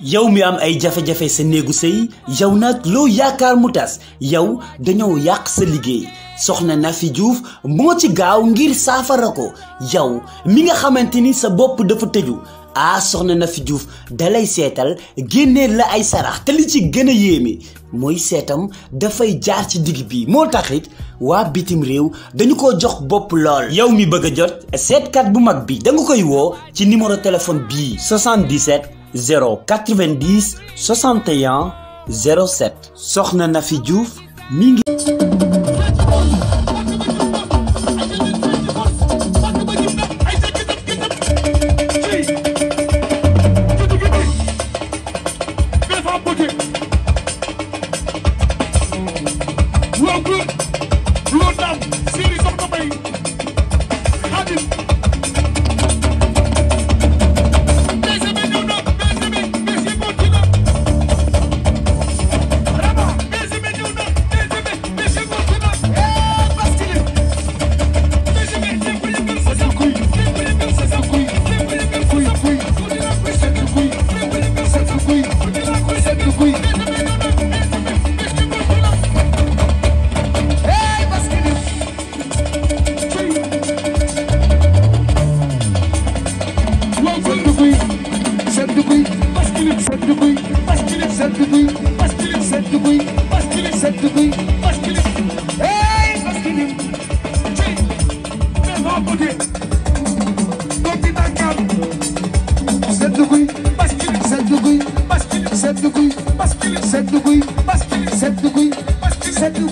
yow mi am ay jafe-jafe sa néegu sëy yow nag loo yaakaar mu tas yow dañoo yàq sa liggéey soxna na fi juuf moo ci gaaw ngir saafara ko yow mi nga xamante ni sa bopp dafa tëju ah soxna na fi juuf dalay seetal génnee la ay sarax te li ci gën a yéeme mooy seetam dafay jaar ci digg bi moo tax waa bitim réew dañu ko jox bopp lool. yow mi bëgg a jot seetkat bu mag bi da koy woo ci numéro téléphone bii 77 090 61 07 soxna na fi juuf mi ngi.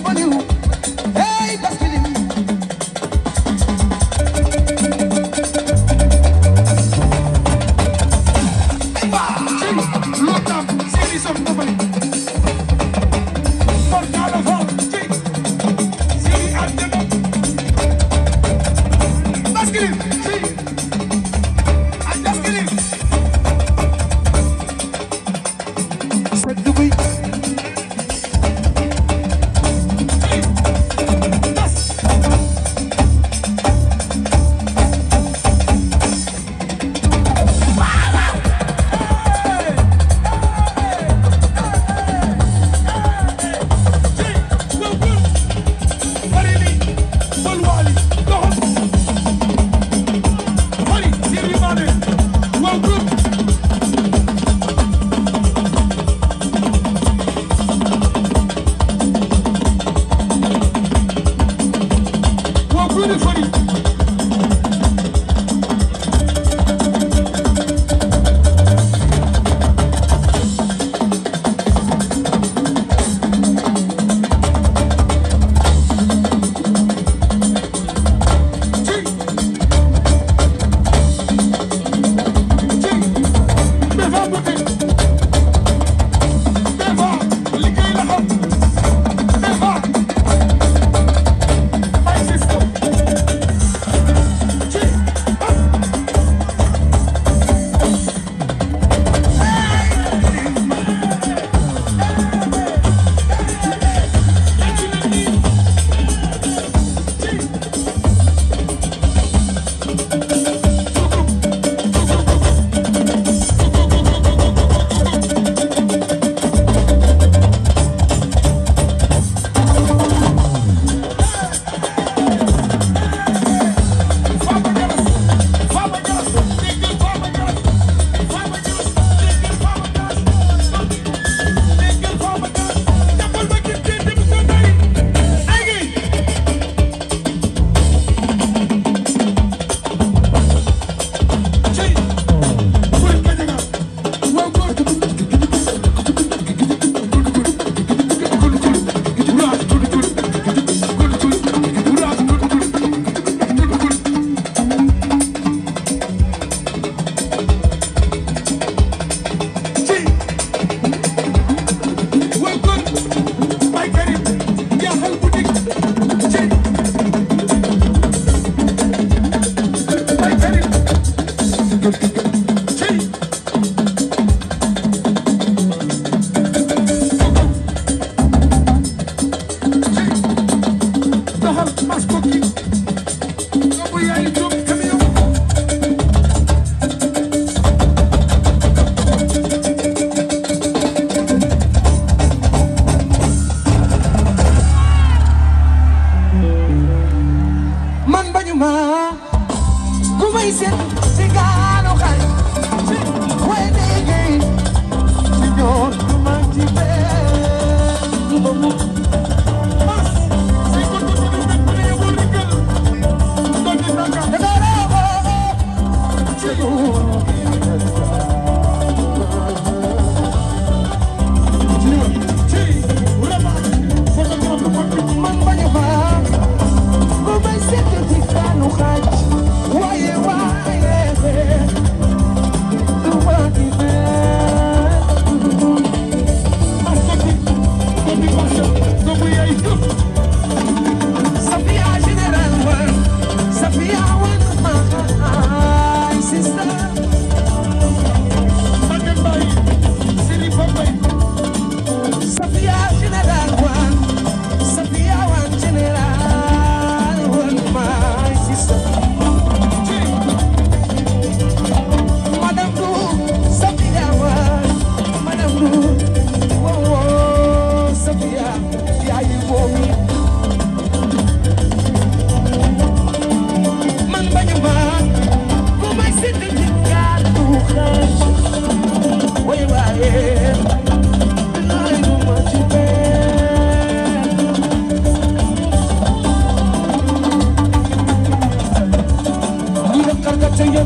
for you.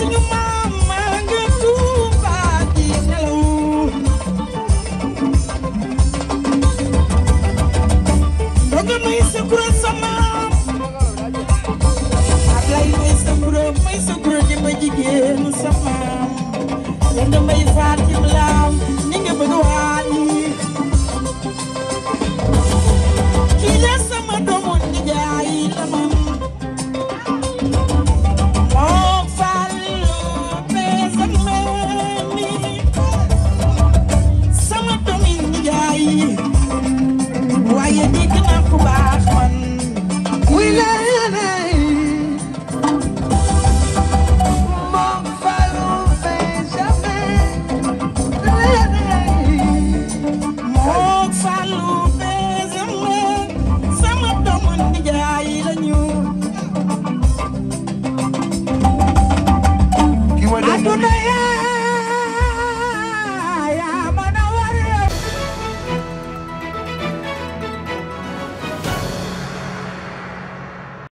suñu